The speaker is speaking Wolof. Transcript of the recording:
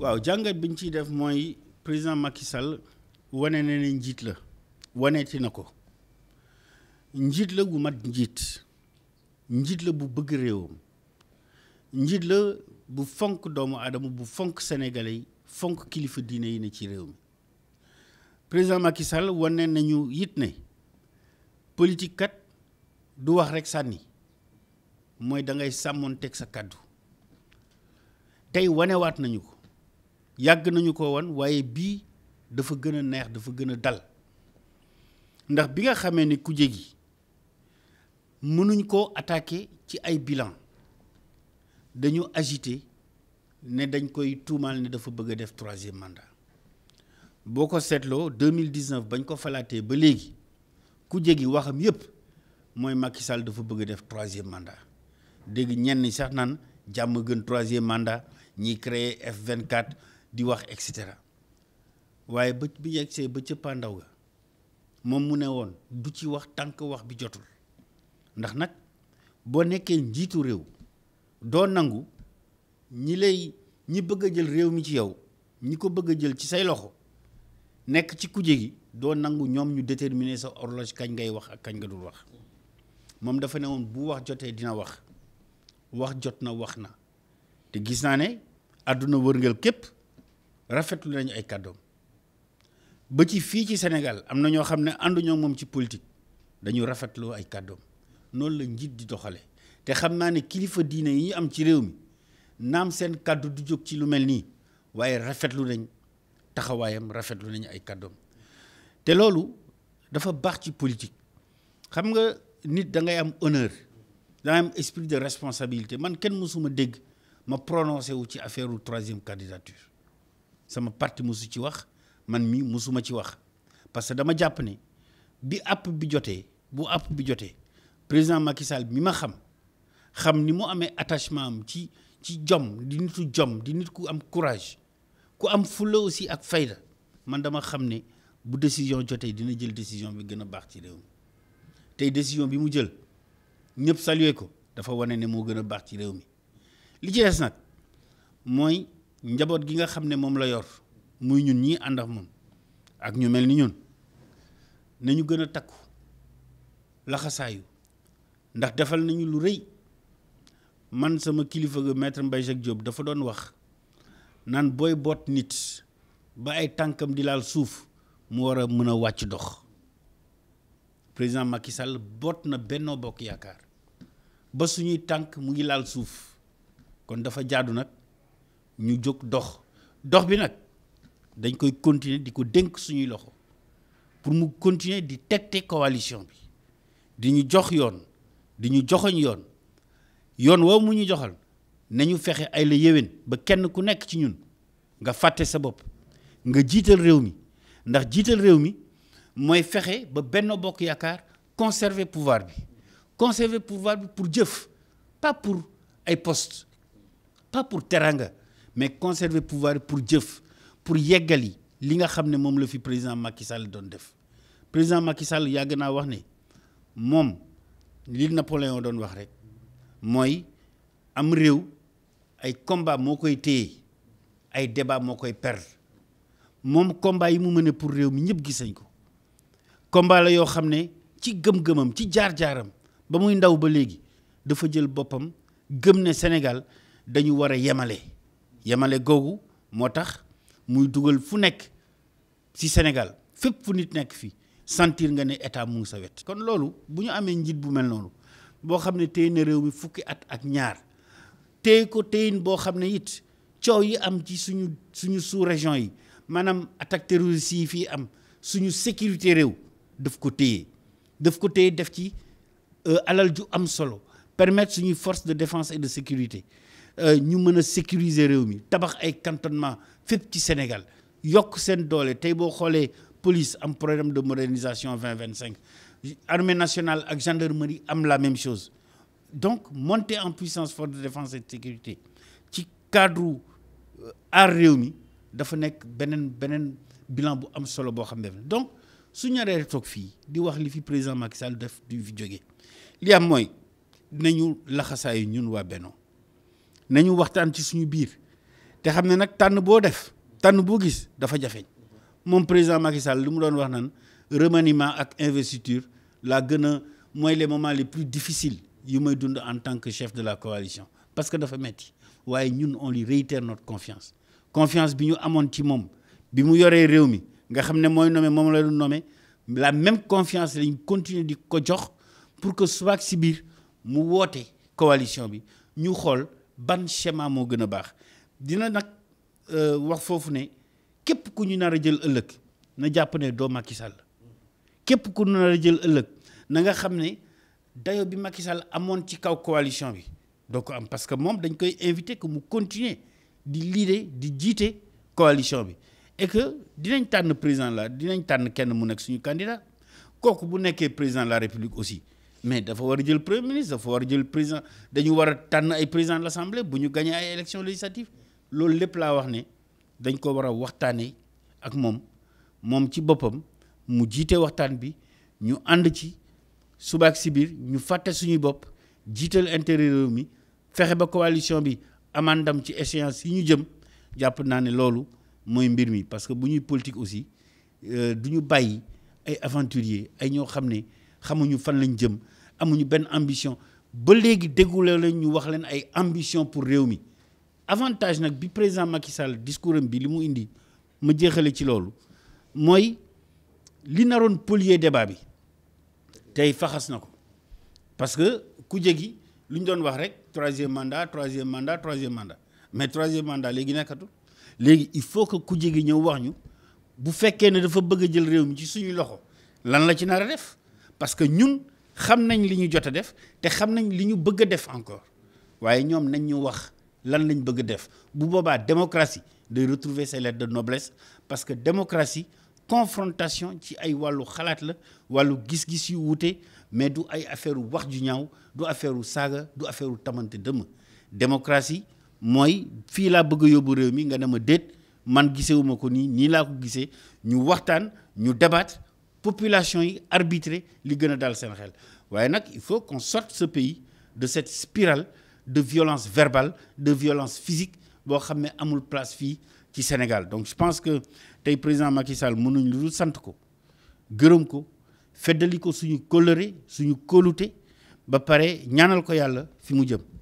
waaw jàngat biñ ñu ciy def mooy président Macky Sall wane na ne njiit la waneeti na ko njiit la gu mat njiit njiit la bu bëgg réewam njiit la bu fonk doomu aadama bu fonk sénégalais fonk kilifa diine yi ne ci réew mi président Macky Sall wane nañu yit ne politique kat du wax rek sànni mooy dangay sàmmoon teg sa kàddu tey wanewaat nañu ko yàgg nañu ko woon waaye bii dafa gën a neex dafa gën a dal ndax bi nga xamee ni kuje gi mënuñ koo attaqué ci ay bilan dañu agité ne dañ koy tuumaal ne dafa bëgg a def troisième mandat boo ko seetloo 2019 bañ ko falaatee ba léegi kuje gi waxam yépp mooy Macky Sall dafa bëgg def troisième mandat dégg ñenn sax naan jàmm gën troisième mandat ñiy créé F24 di wax et cetera waaye ba bi yegsee ba cëppaa ndaw ga moom mu ne woon du ci wax tànk wax bi jotul ndax nag boo nekkee njiitu réew doo nangu ñi lay ñi bëgg jël réew mi ci yow ñi ko bëgg jël ci say loxo nekk ci kuje gi doo nangu ñoom ñu déterminer sa horloge kañ ngay wax ak kañ nga dul wax moom dafa ne woon bu wax jotee dina wax wax jot na wax na te gis naa ne àdduna wërngël képp rafetlu nañu ay kàddoom ba ci fii ci Sénégal am na ñoo xam ne ànduñoo moom ci politique dañu rafetloo ay kàddoom noonu la njiit di doxale te xam naa ne kilifa diine yi am ci réew mi naam seen kàddu du jóg ci lu mel nii waaye rafetlu nañ taxawaayam rafetlu nañu ay kàddoom te loolu dafa baax ci politique xam nga nit da ngay am honneur da am esprit de responsabilité man kenn mësuma dégg ma prononcé wu ci affaire troisième candidature sama parti mosu ci wax man mii mosuma ci wax parce que dama jàpp ne bi app bi jotee bu app bi jotee président Macky Sall mi ma xam xam ni mu amee attachement am ci ci jom di nitu nit ku am courage ku am fulla aussi ak fayda man dama xam ne bu décision jotee dina jël décision bi gën a baax ci réew mi tey décision bi mu jël ñëpp saluer ko dafa wane ne moo gën a baax ci réew mi li ci nag mooy njaboot gi nga xam ne moom la yor muy ñun ñii ànd ak moom ak ñu mel ni ñun nañu gën a takku laxasaayu ndax defal nañu lu rëy man sama kilifa ga maître Mbaye Jacques dafa doon wax naan booy boot nit ba tànkam di laal suuf mu war a mën a wàcc dox président Macky Sall boot na Benno Bokk Yaakaar ba suñuy tànk mu ngi laal suuf kon dafa jaadu nag ñu jóg dox dox bi nag dañ koy continuer di ko dénk suñuy loxo pour mu continuer di tette coalition bi di ñu jox yoon di ñu joxoñ yoon yoon woowu mu ñu joxal ne ñu fexe ay la yéwén ba kenn ku nekk ci ñun nga fàtte sa bopp nga jiital réew mi ndax jiital réew mi mooy fexe ba Benno Bokk Yaakaar conserver pouvoir bi conserver pouvoir bi pour jëf pas pour ay post pas pour teranga mais conserver pouvoir pour jëf pour yeggali li nga xam ne moom la fi président Macky Sall doon def président Macky Sall yàgg naa wax ne moom li Napoléon doon wax rek mooy am réew ay combat moo koy téye ay débat moo koy per moom combat yi mu mën pour réew mi ñëpp gis nañ ko combat la yoo xam ne ci gëm-gëmam ci jaar-jaaram ba muy ndaw ba léegi dafa jël boppam gëm ne Sénégal dañu war a yemale yemale googu moo tax muy dugal fu nekk ci Sénégal fépp fu nit nekk fi sentir nga ne état mu ngi sa wet. kon loolu bu ñu amee njiit bu mel noonu boo xam ne téye na réew mi fukki at ak ñaar téye ko téyin boo xam ne it coow yi am ci suñu suñu sous région yi maanaam attaque terroriste yi fii am suñu sécurité réew daf ko téye daf ko téye def ci euh, alal ju am solo permettre suñuy force de défense et de sécurité. Euh, ñu mën a sécuriser réew mi tabax ay cantonnement fépp ci Sénégal yokk seen doole tey boo xoolee police am programme de modernisation 2025 armée nationale ak gendarmerie am la même chose donc monter en puissance force de défense et de sécurité ci cadre aar réew mi dafa nekk beneen beneen bilan bu am solo boo xam ne donc su ñaree toog fii di wax li fi président Macky Sall def du fi jóge li am mooy dinañu laxasaayu ñun waa Benno nañu waxtaan ci suñu biir te xam ne nag tànn boo def tànn boo gis dafa jafeñ moom président Macky Sall lu mu doon wax naan remaniement ak investiture laa gën a mooy les moments les plus difficile yu may dund en tant que chef de la coalition parce que dafa metti waaye ñun on lui réitère notre confiance confiance bi ñu amoon ci moom bi mu yoree réew mi nga xam ne mooy nommé moom la doon nommé la même confiance lañ continuer di ko jox pour que subaak si biir mu woote coalition bi ñu xool ban schéma moo gën a baax dina nag euh, wax foofu ne képp ku ñu nar a jël ëllëg na jàpp ne doo Macky Sall képp ku ñu nar a jël ëllëg na nga xam ne dayo bi Macky Sall amoon ci kaw coalition bi doo ko am parce que moom dañ koy invité ko mu continuer di lii de di jiite coalition bi et que dinañ tànn président la dinañ tànn kenn mu nekk suñu candidat kooku bu nekkee président la république aussi mais dafa war a jël premier ministre dafa war a jël président dañu war a tànn ay président de l'assemblée bu ñu gagné ay élection législative loolu lépp laa wax ne dañ ko war a waxtaanee ak moom moom ci boppam mu jiite waxtaan bi ñu ànd ci suba ak si biir ñu fàtte suñuy bopp jiital intérêt mi fexe ba coalition bi amandam ci échéance yi ñu jëm jàpp naa ne loolu mooy mbir mi parce que bu ñuy politique aussi euh, du ñu bàyyi ay aventurier ay ñoo xam ne xamuñu fan lañ jëm amuñu benn ambition ba léegi déggule la ñu wax leen ay ambition pour réew mi avantage nag bi président Macky Sall discours am bi li mu indi ma jeexale ci loolu mooy li naroon polier débat bi tey faxas na ko parce que ku jégi lu ñu doon wax rek troisième mandat troisième mandat troisième mandat mais troisième mandat léegi nekkatul léegi il faut que ku gi ñëw wax ñu bu fekkee ne dafa bëgg a jël réew mi ci suñu loxo lan la ci nar a def parce que ñun xam nañ li ñu jot a def te xam nañ li ñu bëgg a def encore waaye ñoom nañ ñu wax lan lañ bëgg def bu boobaa démocratie day retrouver ses lettres de noblesse parce que démocratie confrontation ci ay wàllu xalaat la wàllu gis-gis yu wuute mais du ay affaire wax ju ñaaw du affaire saaga du affaire tamante dëmm démocratie mooy fii laa bëgg yóbbu réew mi nga dema déet man gisewuma ko nii nii laa ko gisee ñu waxtaan ñu débat population yi arbitrer li gën a dal seen xel waaye nag il faut qu'on sorte ce pays de cette spirale de violence verbale de violence physique boo xam ne amul place fii ci Sénégal donc je pense que tey président Macky Sall mënuñ lu dul sant ko gërëm ko feddali ko suñu kóllëre suñu kóolute ba pare ñaanal ko yàlla fi mu jëm